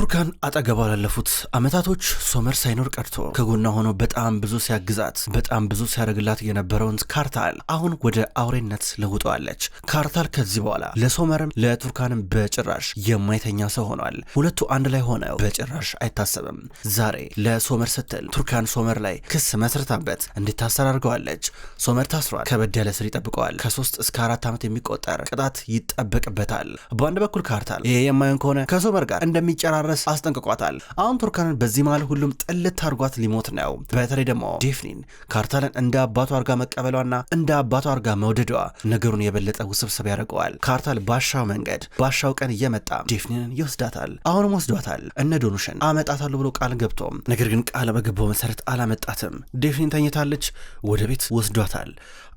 ቱርካን አጠገቧ ላለፉት አመታቶች ሶመር ሳይኖር ቀርቶ ከጎና ሆኖ በጣም ብዙ ሲያግዛት በጣም ብዙ ሲያደርግላት የነበረውን ካርታል አሁን ወደ አውሬነት ለውጠዋለች። ካርታል ከዚህ በኋላ ለሶመርም ለቱርካንም በጭራሽ የማይተኛ ሰው ሆኗል። ሁለቱ አንድ ላይ ሆነው በጭራሽ አይታሰብም። ዛሬ ለሶመር ስትል ቱርካን ሶመር ላይ ክስ መስርታበት እንዲታሰር አድርገዋለች። ሶመር ታስሯል። ከበድ ያለ ስር ይጠብቀዋል። ከሶስት እስከ አራት ዓመት የሚቆጠር ቅጣት ይጠበቅበታል። በአንድ በኩል ካርታል ይሄ የማይሆን ከሆነ ከሶመር ጋር እንደሚጨራ እንዳትዳረስ አስጠንቅቋታል። አሁን ቱርካንን በዚህ መሃል ሁሉም ጥልት አድርጓት ሊሞት ነው። በተለይ ደግሞ ዴፍኒን ካርታልን እንደ አባቱ አርጋ መቀበሏና እንደ አባቱ አርጋ መውደዷ ነገሩን የበለጠ ውስብስብ ያደርገዋል። ካርታል ባሻው መንገድ ባሻው ቀን እየመጣ ዴፍኒንን ይወስዳታል። አሁንም ወስዷታል። እነ ዶኑሽን አመጣታሉ ብሎ ቃል ገብቶ ነገር ግን ቃል በገባው መሰረት አላመጣትም። ዴፍኒን ተኝታለች። ወደ ቤት ወስዷታል።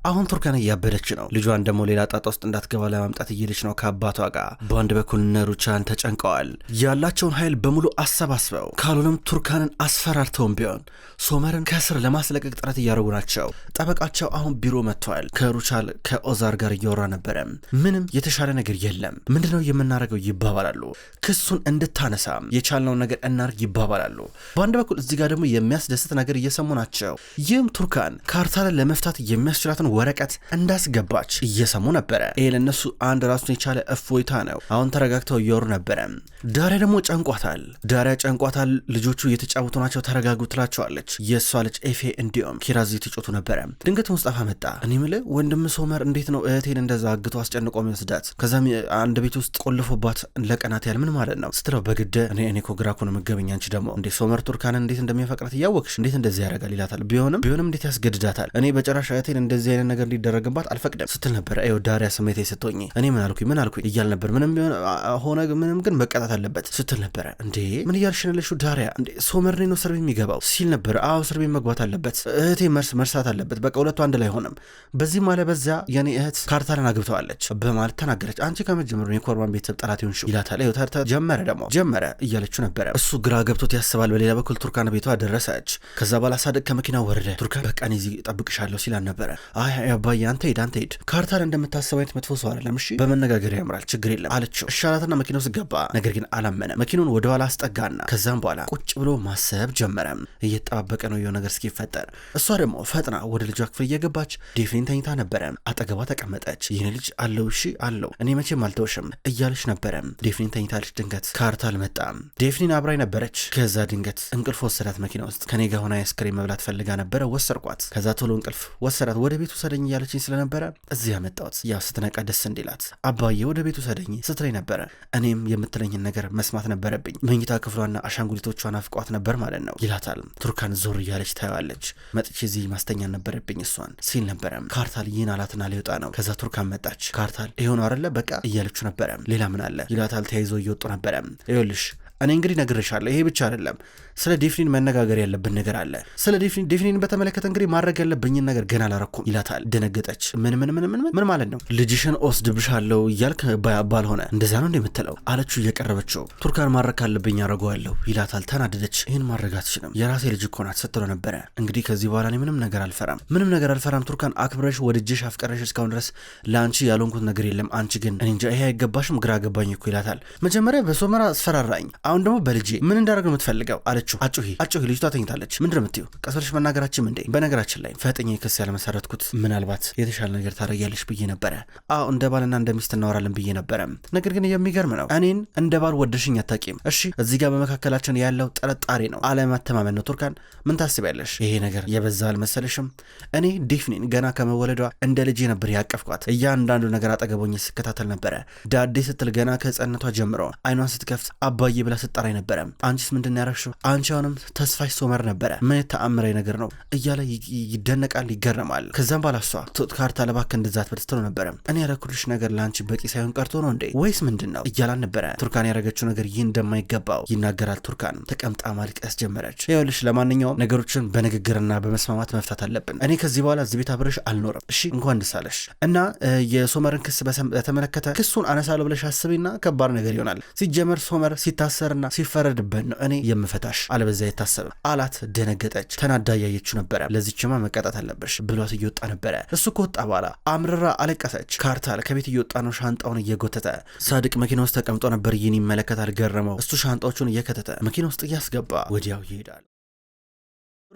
አሁን ቱርካን እያበደች ነው። ልጇን ደግሞ ሌላ ጣጣ ውስጥ እንዳትገባ ለማምጣት እየሄደች ነው ከአባቷ ጋር። በአንድ በኩል እነ ሩቻን ተጨንቀዋል። ያላቸውን ኃይል በሙሉ አሰባስበው ካልሆነም ቱርካንን አስፈራርተውም ቢሆን ሶመርን ከስር ለማስለቀቅ ጥረት እያደረጉ ናቸው። ጠበቃቸው አሁን ቢሮ መጥተዋል። ከሩቻል ከኦዛር ጋር እያወራ ነበረ። ምንም የተሻለ ነገር የለም፣ ምንድነው የምናደርገው ይባባላሉ። ክሱን እንድታነሳ የቻልነው ነገር እናርግ ይባባላሉ። በአንድ በኩል እዚህ ጋር ደግሞ የሚያስደስት ነገር እየሰሙ ናቸው። ይህም ቱርካን ካርታልን ለመፍታት የሚያስችላትን ወረቀት እንዳስገባች እየሰሙ ነበረ። ይህ ለእነሱ አንድ ራሱን የቻለ እፎይታ ነው። አሁን ተረጋግተው እያወሩ ነበረ። ዳሪያ ደግሞ ጨንቋ ጨንቋታል። ዳሪያ ጨንቋታል። ልጆቹ እየተጫወቱ ናቸው፣ ተረጋጉ ትላቸዋለች። የእሷ ልጅ ኤፌ እንዲሁም ኪራዝ የተጮቱ ነበረ። ድንገት ሙስጣፋ መጣ። እኔ ምልህ ወንድም ሶመር እንዴት ነው እህቴን እንደዛ አግቶ አስጨንቆ መስዳት፣ ከዛም አንድ ቤት ውስጥ ቆልፎባት ለቀናት ያህል ምን ማለት ነው ስትለው በግድ እኔ እኔ እኮ ግራ እኮ ነው የምትገቢኝ አንቺ ደግሞ እንዴ ሶመር ቱርካን እንዴት እንደሚያፈቅራት እያወቅሽ እንዴት እንደዚህ ያደርጋል ይላታል። ቢሆንም ቢሆንም እንዴት ያስገድዳታል? እኔ በጭራሽ እህቴን እንደዚህ አይነት ነገር እንዲደረግባት አልፈቅድም ስትል ነበረ። ው ዳሪያ ስሜት ስትሆኝ እኔ ምን አልኩኝ ምን አልኩኝ እያል ነበር። ምንም ሆነ ምንም ግን መቀጣት አለበት ስትል ነበር። ነበረ። እንዴ ምን እያልሽንልሹ ነው ያለሽው ዳሪያ? እንዴ ሶመር ነው እስር ቤት የሚገባው ሲል ነበር። አዎ እስር ቤት መግባት አለበት፣ እህቴ መርስ መርሳት አለበት። በቃ ሁለቱ አንድ ላይ ሆነም። በዚህም አለ በዚያ የኔ እህት ካርታርን አግብተዋለች በማለት ተናገረች። አንቺ ከመጀመሩ የኮርባን ቤተሰብ ጠላት ሆንሽ ይላታል። ታርታ ጀመረ ደግሞ ጀመረ እያለችው ነበረ። እሱ ግራ ገብቶት ያስባል። በሌላ በኩል ቱርካን ቤቷ ደረሰች። ከዛ በኋላ ሳደቅ ከመኪና ወረደ። ቱርካን በቃ በቃን ዚ ጠብቅሻለሁ ሲላል ነበረ። አይ አባዬ አንተ ሂድ አንተ ሂድ፣ ካርታር እንደምታስብ አይነት መጥፎ ሰው አይደለም። እሺ በመነጋገር ያምራል፣ ችግር የለም አለችው። እሻላትና መኪናው ስገባ ነገር ግን አላመነ መኪና ወደ ኋላ አስጠጋና ከዛም በኋላ ቁጭ ብሎ ማሰብ ጀመረ። እየተጠባበቀ ነው የሆነ ነገር እስኪፈጠር። እሷ ደግሞ ፈጥና ወደ ልጇ ክፍል እየገባች ዴፍሊን ተኝታ ነበረ። አጠገቧ ተቀመጠች። ይህን ልጅ አለው፣ እሺ አለው፣ እኔ መቼም አልተውሽም እያለች ነበረ። ዴፍሊን ተኝታለች። ድንገት ካርታ አልመጣም። ዴፍሊን አብራይ ነበረች። ከዛ ድንገት እንቅልፍ ወሰዳት። መኪና ውስጥ ከኔ ጋር ሆና አይስክሬም መብላት ፈልጋ ነበረ፣ ወሰርኳት። ከዛ ቶሎ እንቅልፍ ወሰዳት። ወደ ቤት ውሰደኝ እያለችኝ ስለነበረ እዚህ ያመጣሁት ያው ስትነቃ ደስ እንዲላት አባዬ ወደ ቤት ውሰደኝ ስትለኝ ነበረ። እኔም የምትለኝን ነገር መስማት ነበረ ነበረብኝ። መኝታ ክፍሏና አሻንጉሊቶቿን አፍቋት ነበር ማለት ነው ይላታል። ቱርካን ዞር እያለች ታየዋለች። መጥቼ እዚህ ማስተኛ ነበረብኝ እሷን ሲል ነበረም። ካርታል ይህን አላትና ሊወጣ ነው። ከዛ ቱርካን መጣች። ካርታል ይሆነ አለ በቃ እያለች ነበረ። ሌላ ምን አለ ይላታል። ተያይዘው እየወጡ ነበረ። ይኸውልሽ እኔ እንግዲህ ነግርሻለሁ። ይሄ ብቻ አይደለም፣ ስለ ዴፍኒን መነጋገር ያለብን ነገር አለ። ስለ ዴፍኒን ዴፍኒን በተመለከተ እንግዲህ ማድረግ ያለብኝን ነገር ገና አላረኩም ይላታል። ደነገጠች። ምን ምን ምን ምን ምን ማለት ነው? ልጅሽን ወስድብሻለሁ እያልክ ባልሆነ እንደዚያ ነው እንደምትለው አለችው። እየቀረበችው ቱርካን ማድረግ ካለብኝ አደርገዋለሁ ይላታል። ተናደደች። ይህን ማድረግ አትችልም፣ የራሴ ልጅ እኮ ናት ስትለው ነበረ። እንግዲህ ከዚህ በኋላ እኔ ምንም ነገር አልፈራም፣ ምንም ነገር አልፈራም። ቱርካን አክብረሽ ወድጅሽ አፍቀረሽ እስካሁን ድረስ ለአንቺ ያልሆንኩት ነገር የለም። አንቺ ግን እኔ እንጃ ይሄ አይገባሽም፣ ግራ ገባኝ እኮ ይላታል። መጀመሪያ በሶመራ አስፈራራኝ አሁን ደግሞ በልጄ ምን እንዳደረግ ነው የምትፈልገው? አለችው። አጩሂ አጩሂ፣ ልጅቷ ተኝታለች። ምንድን ነው የምትይው? ቀስ ብለሽ እንዴ? በነገራችን ላይ ፈጥኜ ክስ ያለመሰረትኩት ምናልባት የተሻለ ነገር ታደርጊያለሽ ብዬ ነበረ። አዎ እንደ ባልና እንደ ሚስት እናወራለን ብዬ ነበረ። ነገር ግን የሚገርም ነው እኔን እንደ ባል ወደሽኝ አታቂም። እሺ እዚህ ጋር በመካከላችን ያለው ጥርጣሬ ነው፣ አለመተማመን ነው። ቱርካን ምን ታስቢያለሽ? ይሄ ነገር የበዛ አልመሰለሽም? እኔ ዴፍኒን ገና ከመወለዷ እንደ ልጄ ነበር ያቀፍኳት። እያንዳንዱ ነገር አጠገቦኝ ስከታተል ነበረ። ዳዴ ስትል ገና ከህፃንነቷ ጀምሮ አይኗን ስትከፍት አባዬ ብላ ስጠራ ነበረ። አንቺስ ምንድን ያረግሽው? አንቺ አሁንም ተስፋሽ ሶመር ነበረ። ምን ተአምራዊ ነገር ነው እያለ ይደነቃል፣ ይገረማል። ከዛም ባላ እሷ ካርታ ለባክ እንድዛት በትትሎ ነበረ። እኔ ያረኩልሽ ነገር ለአንቺ በቂ ሳይሆን ቀርቶ ነው እንዴ ወይስ ምንድን ነው እያላን ነበረ። ቱርካን ያረገችው ነገር ይህ እንደማይገባው ይናገራል። ቱርካን ተቀምጣ ማልቀስ ጀመረች። ይኸውልሽ ለማንኛውም ነገሮችን በንግግርና በመስማማት መፍታት አለብን። እኔ ከዚህ በኋላ እዚህ ቤት አብረሽ አልኖርም። እሺ እንኳን ደስ አለሽ እና የሶመርን ክስ በተመለከተ ክሱን አነሳለሁ ብለሽ አስቢና ከባድ ነገር ይሆናል። ሲጀመር ሶመር ሲታሰር ሲፈርና ሲፈረድበት ነው እኔ የምፈታሽ፣ አለበዛ የታሰበ አላት። ደነገጠች። ተናዳ እያየችው ነበረ። ለዚችማ መቀጣት አለብሽ ብሏት እየወጣ ነበረ። እሱ ከወጣ በኋላ አምርራ አለቀሰች። ካርታል ከቤት እየወጣ ነው፣ ሻንጣውን እየጎተተ ሳድቅ መኪና ውስጥ ተቀምጦ ነበር። ይህን ይመለከታል ገረመው። እሱ ሻንጣዎቹን እየከተተ መኪና ውስጥ እያስገባ ወዲያው ይሄዳል።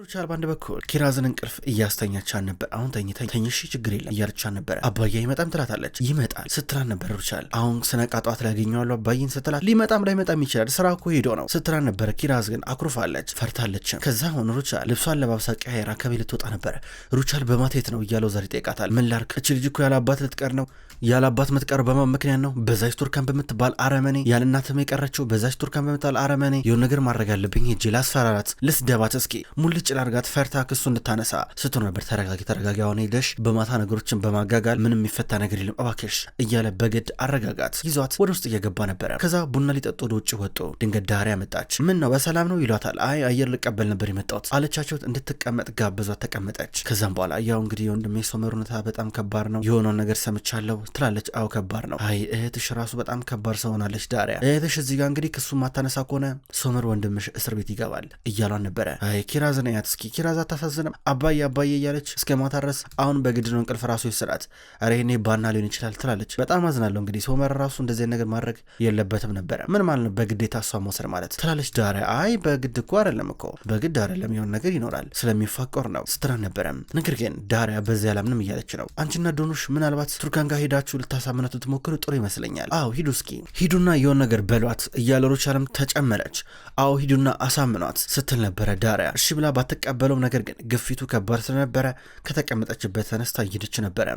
ሩቻል በአንድ በኩል ኪራዝን እንቅልፍ እያስተኛቻን ነበር። አሁን ተኝታ ተኝሽ ችግር የለም እያለቻን ነበረ። አባዬ አይመጣም ትላታለች። ይመጣል ስትላን ነበር ሩቻል። አሁን ስነቃ ጠዋት ላገኘዋለሁ አባዬን ስትላት ሊመጣም ላይመጣም ይችላል ስራ እኮ ሄዶ ነው ስትላን ነበረ። ኪራዝ ግን አኩርፋለች፣ ፈርታለችም። ከዛ አሁን ሩቻል ልብሷን ለባብሳ ቀያይራ ከቤት ልትወጣ ነበረ። ሩቻል በማቴት ነው እያለው ዘር ይጠይቃታል። ምን ላርክ እች ልጅ እኮ ያለ አባት ልትቀር ነው ያለ አባት ምትቀር በማ ምክንያት ነው። በዛች ቱርካን በምትባል አረመኔ ያለ እናትም የቀረችው በዛች ቱርካን በምትባል አረመኔ የሆነ ነገር ማድረግ አለብኝ። ሄጄ ላስፈራራት፣ ልስደባት፣ እስኪ ሙልጭ ላርጋት፣ ፈርታ ክሱ እንድታነሳ ስትኖ ነበር። ተረጋጊ፣ ተረጋጊ፣ አሁን ሄደሽ በማታ ነገሮችን በማጋጋል ምንም የሚፈታ ነገር የለም እባክሽ እያለ በግድ አረጋጋት። ይዟት ወደ ውስጥ እየገባ ነበረ። ከዛ ቡና ሊጠጡ ወደ ውጭ ወጡ። ድንገት ዳሪያ መጣች። ምን ነው በሰላም ነው ይሏታል። አይ አየር ልቀበል ነበር የመጣሁት አለቻቸው። እንድትቀመጥ ጋብዟት ተቀመጠች። ከዛም በኋላ ያው እንግዲህ የወንድሜ ሶመር ሁኔታ በጣም ከባድ ነው የሆነውን ነገር ሰምቻለሁ ትላለች። አዎ ከባድ ነው። አይ እህትሽ ራሱ በጣም ከባድ ሰው ሆናለች ዳሪያ። እህትሽ እዚህ ጋር እንግዲህ ክሱ ማታነሳ ከሆነ ሶመር ወንድምሽ እስር ቤት ይገባል እያሏን ነበረ። አይ ኪራዝን ያት እስኪ ኪራዝ አታሳዝንም? አባዬ አባዬ እያለች እስከ ማታ ድረስ አሁን በግድ ነው እንቅልፍ ራሱ ይስራት። ኧረ ኔ ባና ሊሆን ይችላል ትላለች። በጣም አዝናለሁ። እንግዲህ ሶመር ራሱ እንደዚህ ነገር ማድረግ የለበትም ነበረ። ምን ማለት ነው በግዴታ እሷ መውሰድ ማለት ትላለች ዳሪያ። አይ በግድ እኮ አይደለም እኮ በግድ አይደለም የሆን ነገር ይኖራል ስለሚፋቀር ነው ስትራ ነበረ። ነገር ግን ዳሪያ በዚያ አላምንም እያለች ነው። አንቺና ዶኖሽ ምናልባት ቱርካን ጋር ሄዳ ሄዳችሁ ልታሳምናት ትሞክሩ ጥሩ ይመስለኛል። አዎ ሂዱ እስኪ ሂዱና የሆን ነገር በሏት እያለ ሩቻልም ተጨመረች። አዎ ሂዱና አሳምኗት ስትል ነበረ ዳሪያ። እሺ ብላ ባትቀበለውም ነገር ግን ግፊቱ ከባድ ስለነበረ ከተቀመጠችበት ተነስታ እየሄደች ነበረ።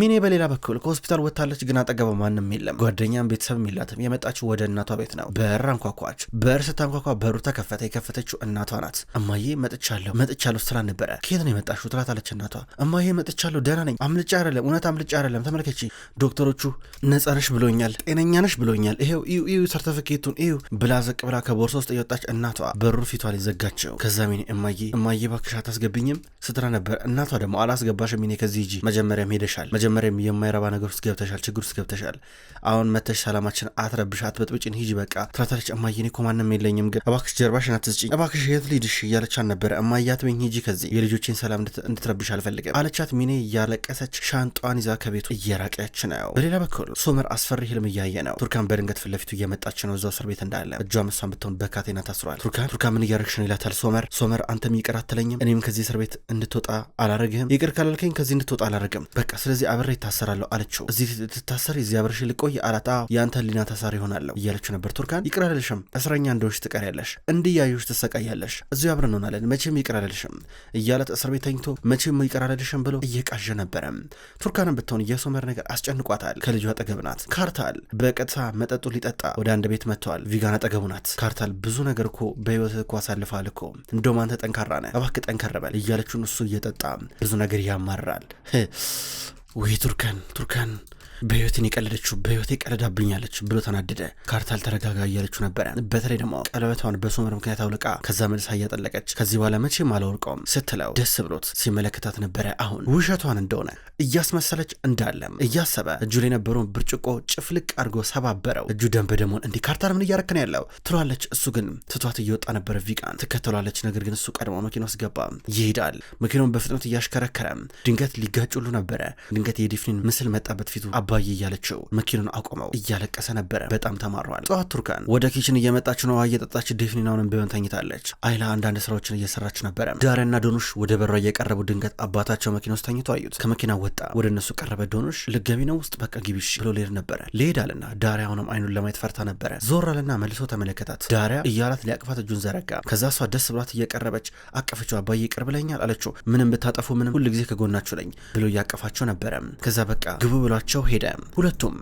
ሚኔ በሌላ በኩል ከሆስፒታል ወጥታለች፣ ግን አጠገቧ ማንም የለም። ጓደኛም ቤተሰብም የላትም። የመጣችው ወደ እናቷ ቤት ነው። በር አንኳኳች። በር ስታንኳኳ በሩ ተከፈተ። የከፈተችው እናቷ ናት። እማዬ መጥቻለሁ መጥቻለሁ ስላ ነበረ። ከየት ነው የመጣችሁ ትላታለች እናቷ። እማዬ መጥቻለሁ፣ ደህና ነኝ። አምልጫ አይደለም እውነት አምልጫ አይደለም። ተመልከች ዶክተሮቹ ነጻ ነሽ ብሎኛል፣ ጤነኛ ነሽ ብሎኛል፣ ይሄው እዩ እዩ ሰርተፊኬቱን እዩ ብላ ዘቅ ብላ ከቦርሳ ውስጥ እየወጣች እናቷ በሩ ፊቷ ላይ ዘጋቸው። ከዛ ሚኔ እማዬ እማዬ እባክሽ አታስገብኝም ስትራ ነበር። እናቷ ደግሞ አላስገባሽም ሚኔ ከዚህ እጂ መጀመሪያም ሄደሻል፣ መጀመሪያም የማይረባ ነገር ውስጥ ገብተሻል፣ ችግር ውስጥ ገብተሻል። አሁን መተሽ ሰላማችን አትረብሽ፣ አትበጥብጭን፣ ሂጂ በቃ ትላታለች። እማዬ እኔ እኮ ማንም የለኝም ግን እባክሽ ጀርባሽን አትስጭኝ፣ እባክሽ የት ልሂድሽ እያለቻት ነበረ። እማዬ አትበይኝ፣ ሂጂ ከዚህ የልጆችን ሰላም እንድትረብሽ አልፈልግም አለቻት። ሚኔ እያለቀሰች ሻንጧን ይዛ ከቤቱ እየራቀ እያየች ነው። በሌላ በኩል ሶመር አስፈሪ ህልም እያየ ነው። ቱርካን በድንገት ፊት ለፊቱ እየመጣች ነው፣ እዛው እስር ቤት እንዳለ እጇ መሳም ብትሆን በካቴና ታስሯል። ቱርካን ቱርካን ምን እያረግሽ ነው ይላታል ሶመር። ሶመር አንተም ይቅር አትለኝም፣ እኔም ከዚህ እስር ቤት እንድትወጣ አላረግህም፣ ይቅር ካላልከኝ ከዚህ እንድትወጣ አላረግም፣ በቃ ስለዚህ አብሬ ይታሰራለሁ አለችው። እዚህ ትታሰር እዚህ አብረሽ ልቆይ አላጣ የአንተ ህሊና ታሳሪ ይሆናለሁ እያለችው ነበር። ቱርካን ይቅር አልልሽም፣ እስረኛ እንደሆንሽ ትቀሪያለሽ፣ እንዲያዩሽ ትሰቃያለሽ፣ እዚሁ አብረን እንሆናለን፣ መቼም ይቅር አልልሽም እያላት እስር ቤት ተኝቶ መቼም ይቅር አልልሽም ብሎ እየቃዠ ነበረ። ቱርካንም ብትሆን የሶመር ነገር ያስጨንቋታል። ከልጇ አጠገብ ናት። ካርታል በቀጥታ መጠጡ ሊጠጣ ወደ አንድ ቤት መጥተዋል። ቪጋን አጠገቡ ናት። ካርታል ብዙ ነገር እኮ በህይወት እኮ አሳልፋል እኮ እንደውም አንተ ጠንካራ ነህ፣ እባክህ ጠንከረበል እያለችን እሱ እየጠጣ ብዙ ነገር ያማራል። ውይ ቱርከን ቱርከን በህይወትን የቀለደችው በህይወት ቀለዳብኛለች ብሎ ተናደደ። ካርታል ተረጋጋ እያለችው ነበረ። በተለይ ደግሞ ቀለበቷን በሶመር ምክንያት አውልቃ ከዛ መልሳ እያጠለቀች ከዚህ በኋላ መቼም አላወልቀውም ስትለው ደስ ብሎት ሲመለከታት ነበረ። አሁን ውሸቷን እንደሆነ እያስመሰለች እንዳለም እያሰበ እጁ ላይ የነበረውን ብርጭቆ ጭፍልቅ አድርጎ ሰባበረው። እጁ ደም በደሞን እንዲህ ካርታል ምን እያረክን ያለው ትሏለች። እሱ ግን ትቷት እየወጣ ነበረ። ቪቃን ትከተሏለች። ነገር ግን እሱ ቀድሞ መኪና ውስጥ ገባ ይሄዳል። መኪናውን በፍጥነት እያሽከረከረ ድንገት ሊጋጭሉ ነበረ። ድንገት የዲፍኒን ምስል መጣበት ፊቱ አባዬ እያለችው መኪኑን አቆመው እያለቀሰ ነበረ። በጣም ተማሯል። ጠዋት ቱርካን ወደ ኪችን እየመጣች ነው። እየጠጣች ዴፍኒናውንም ቢሆን ተኝታለች። አይላ አንዳንድ ስራዎችን እየሰራች ነበረ። ዳሪያና ዶኑሽ ወደ በሯ እየቀረቡ ድንገት አባታቸው መኪና ውስጥ ተኝቶ አዩት። ከመኪና ወጣ፣ ወደ እነሱ ቀረበ። ዶኑሽ ልገቢ ነው ውስጥ በቃ ግቢሽ ብሎ ሊሄድ ነበረ። ሌሄዳልና ዳሪያ አሁንም አይኑን ለማየት ፈርታ ነበረ። ዞራልና መልሶ ተመለከታት። ዳሪያ እያላት ሊያቅፋት እጁን ዘረጋ። ከዛ እሷ ደስ ብሏት እየቀረበች አቀፈችው። አባዬ ይቅርብ ለኛል አለችው። ምንም ብታጠፉ ምንም ሁል ጊዜ ከጎናችሁ ነኝ ብሎ እያቀፋቸው ነበረ። ከዛ በቃ ግቡ ብሏቸው ሄ ሄደ። ሁለቱም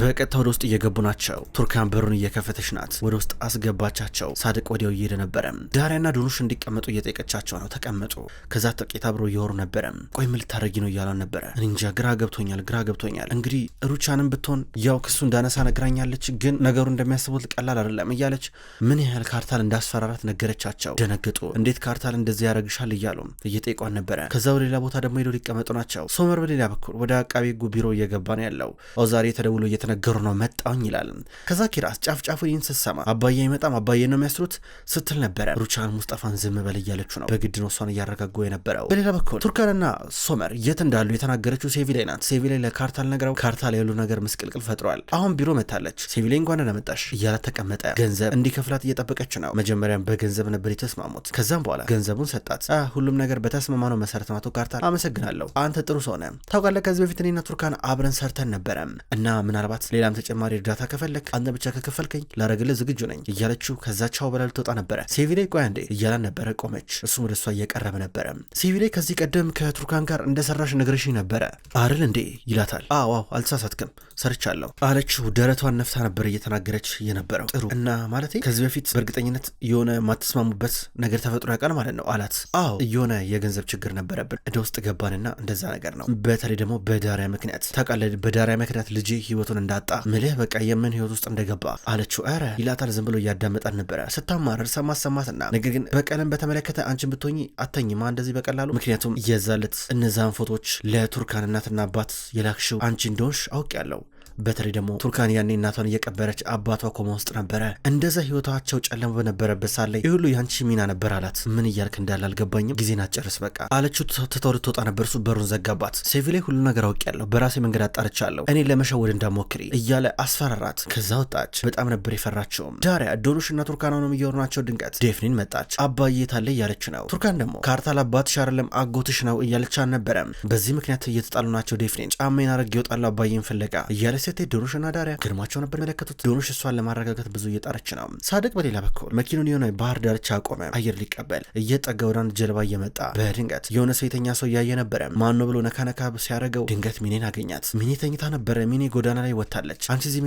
በቀጥታ ወደ ውስጥ እየገቡ ናቸው። ቱርካን በሩን እየከፈተች ናት። ወደ ውስጥ አስገባቻቸው። ሳድቅ ወዲያው እየሄደ ነበረ። ዳሪያና ዶኑሽ እንዲቀመጡ እየጠየቀቻቸው ነው። ተቀመጡ። ከዛ ጥቂት አብሮ እየወሩ ነበረ። ቆይ ምን ልታረጊ ነው እያለን ነበረ። እንጃ ግራ ገብቶኛል፣ ግራ ገብቶኛል። እንግዲህ ሩቻንም ብትሆን ያው ክሱ እንዳነሳ ነግራኛለች፣ ግን ነገሩ እንደሚያስቡት ቀላል አይደለም እያለች ምን ያህል ካርታል እንዳስፈራራት ነገረቻቸው። ደነገጡ። እንዴት ካርታል እንደዚህ ያደረግሻል እያሉ እየጠየቋን ነበረ። ከዛ ወደ ሌላ ቦታ ደግሞ ሄደው ሊቀመጡ ናቸው። ሶመር በሌላ በኩል ወደ አቃቤ ጉ ቢሮ እየገባ ነው ያለው። አለው። ዛሬ ተደውሎ እየተነገሩ ነው መጣውኝ ይላል። ከዛ ኪራስ ጫፍጫፉ ይህን ስትሰማ አባዬ አይመጣም አባዬ ነው የሚያስሩት ስትል ነበረ። ሩቻን ሙስጠፋን ዝም በል እያለችው ነው። በግድ ነው እሷን እያረጋጉ የነበረው። በሌላ በኩል ቱርካንና ሶመር የት እንዳሉ የተናገረችው ሴቪላይ ናት። ሴቪላይ ለካርታል ነግረው ካርታል ያሉ ነገር ምስቅልቅል ፈጥሯል አሁን ቢሮ መታለች። ሴቪላይ እንኳን ለመጣሽ እያላት ተቀመጠ። ገንዘብ እንዲከፍላት እየጠበቀች ነው። መጀመሪያም በገንዘብ ነበር የተስማሙት። ከዛም በኋላ ገንዘቡን ሰጣት። ሁሉም ነገር በተስማማነው መሰረት ማቶ ካርታል አመሰግናለሁ። አንተ ጥሩ ሰው ነህ። ታውቃለህ ከዚህ በፊት እኔና ቱርካን አብረን ሰርተ እያጫወተን ነበረም እና ምናልባት ሌላም ተጨማሪ እርዳታ ከፈለክ አንተ ብቻ ከከፈልከኝ ላረግልህ ዝግጁ ነኝ እያለችው ከዛ ቻው በላ ልትወጣ ነበረ። ሴቪ ላይ ቆይ አንዴ እያላን ነበረ። ቆመች። እሱም ወደ እሷ እየቀረበ ነበረ። ሴቪ ላይ ከዚህ ቀደም ከቱርካን ጋር እንደሰራሽ ነግረሽኝ ነበረ አርል እንዴ ይላታል። አዋው አልተሳሳትክም ሰርቻለሁ አለችው። ደረቷን ነፍታ ነበር እየተናገረች የነበረው። ጥሩ እና ማለት ከዚህ በፊት በእርግጠኝነት የሆነ የማትስማሙበት ነገር ተፈጥሮ ያውቃል ማለት ነው አላት። አዎ የሆነ የገንዘብ ችግር ነበረብን፣ እደ ውስጥ ገባንና እንደዛ ነገር ነው። በተለይ ደግሞ በዳሪያ ምክንያት ታውቃለህ በዳሪያ ምክንያት ልጅ ህይወቱን እንዳጣ ምልህ በቃ የምን ህይወት ውስጥ እንደገባ አለችው። ኧረ ይላታል። ዝም ብሎ እያዳመጣን ነበረ። ስታማረር ሰማት ሰማትና፣ ነገር ግን በቀለም በተመለከተ አንቺን ብትሆኚ አተኝማ እንደዚህ በቀላሉ ምክንያቱም የዛለት እነዛን ፎቶች ለቱርካን እናትና አባት የላክሽው አንቺ እንደሆንሽ አውቅ ያለው በተለይ ደግሞ ቱርካን ያኔ እናቷን እየቀበረች አባቷ ኮማ ውስጥ ነበረ። እንደዛ ህይወታቸው ጨለማ በነበረበት ሳለ ይህ ሁሉ ያንቺ ሚና ነበር አላት። ምን እያልክ እንዳለ አልገባኝም፣ ጊዜን አትጨርስ በቃ አለችው። ትተው ልትወጣ ነበር፣ እሱ በሩን ዘጋባት። ሴቪላይ ሁሉ ነገር አውቄያለሁ፣ በራሴ መንገድ አጣርቻለሁ፣ እኔ ለመሸወድ እንዳሞክሪ እያለ አስፈራራት። ከዛ ወጣች። በጣም ነበር የፈራችውም። ዳሪያ ዶኑሽ እና ቱርካን ሆነም እየወሩ ናቸው። ድንገት ዴፍኒን መጣች። አባዬ ታለ እያለች ነው። ቱርካን ደግሞ ካርታ ለአባትሽ አይደለም አጎትሽ ነው እያለች አልነበረም። በዚህ ምክንያት እየተጣሉ ናቸው። ዴፍኒን ጫማዬን አረግ ይወጣሉ አባዬን ፍለጋ እያለ ሴቴ ዶኖሽና ዳሪያ ግርማቸው ነበር መለከቱት። ዶኖሽ እሷን ለማረጋጋት ብዙ እየጣረች ነው። ሳድቅ በሌላ በኩል መኪኑን የሆነ ባህር ዳርቻ አቆመ። አየር ሊቀበል እየጠጋ ወደ አንድ ጀልባ እየመጣ በድንገት የሆነ ሴተኛ ሰው እያየ ነበረ። ማን ነው ብሎ ነካነካ ሲያደርገው ድንገት ሚኔን አገኛት። ሚኔ ተኝታ ነበረ። ሚኔ ጎዳና ላይ ወታለች። አንቺ እዚህ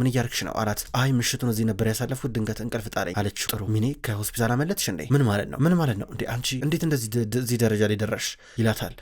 ምን እያርክሽ ነው አላት። አይ ምሽቱን እዚህ ነበር ያሳለፉት፣ ድንገት እንቅልፍ ጣለኝ አለች። ጥሩ ሚኔ ከሆስፒታል አመለጥሽ እንዴ? ምን ማለት ነው? ምን ማለት ነው እንዴ? አንቺ እንዴት እንደዚህ እዚህ ደረጃ ላይ ደረሽ? ይላታል።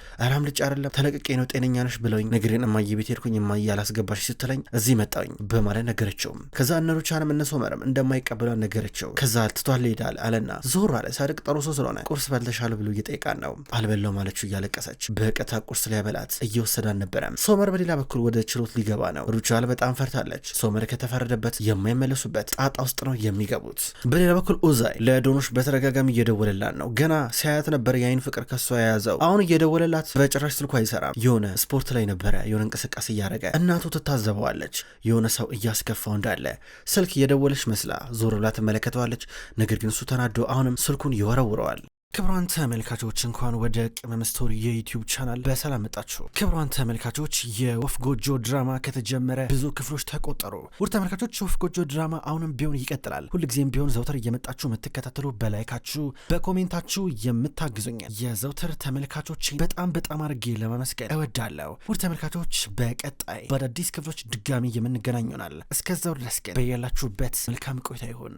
ልጭ አይደለም ተለቅቄ ነው ጤነኛ ነሽ ብለውኝ ነግሬን እማዬ ቤት ሄድኩኝ እማዬ አላስገባሽ ስትለኝ እዚህ መጣኝ በማለት ነገረችው። ከዛ እነሩቻንም እነ ሶመርም እንደማይቀበሏት ነገረችው። ከዛ ትቷል ሄዳል አለና ዞር አለ። ሳድቅ ጠሩ ሰው ስለሆነ ቁርስ በልተሻል ብሎ እየጠየቃን ነው። አልበላው ማለችው እያለቀሰች በቀታ ቁርስ ሊያበላት እየወሰዳን ነበረ። ሶመር በሌላ በኩል ወደ ችሎት ሊገባ ነው። ሩቻል በጣም ፈርታለች። ሶመር ከተፈረደበት የማይመለሱበት ጣጣ ውስጥ ነው የሚገቡት። በሌላ በኩል ኡዛይ ለዶኖሽ በተደጋጋሚ እየደወለላት ነው። ገና ሲያያት ነበር የአይን ፍቅር ከሷ የያዘው። አሁን እየደወለላት በጭራሽ ስልኩ አይሰራም። የሆነ ስፖርት ላይ ነበረ የሆነ እንቅስቃሴ እያደረገ እናቱ ትታ ታዘበዋለች። የሆነ ሰው እያስከፋው እንዳለ ስልክ እየደወለች መስላ ዞር ብላ ትመለከተዋለች። ነገር ግን እሱ ተናዶ አሁንም ስልኩን ይወረውረዋል። ክብሯን ተመልካቾች እንኳን ወደ ቅመም ስቶሪ የዩቲዩብ ቻናል በሰላም መጣችሁ። ክብሯን ተመልካቾች የወፍ ጎጆ ድራማ ከተጀመረ ብዙ ክፍሎች ተቆጠሩ። ውድ ተመልካቾች ወፍ ጎጆ ድራማ አሁንም ቢሆን ይቀጥላል። ሁልጊዜም ቢሆን ዘውተር እየመጣችሁ የምትከታተሉ በላይካችሁ፣ በኮሜንታችሁ የምታግዙኝ የዘውተር ተመልካቾች በጣም በጣም አድርጌ ለማመስገን እወዳለሁ። ውድ ተመልካቾች በቀጣይ በአዳዲስ ክፍሎች ድጋሚ የምንገናኙናል። እስከዛው ድረስ ግን በያላችሁበት መልካም ቆይታ ይሁን።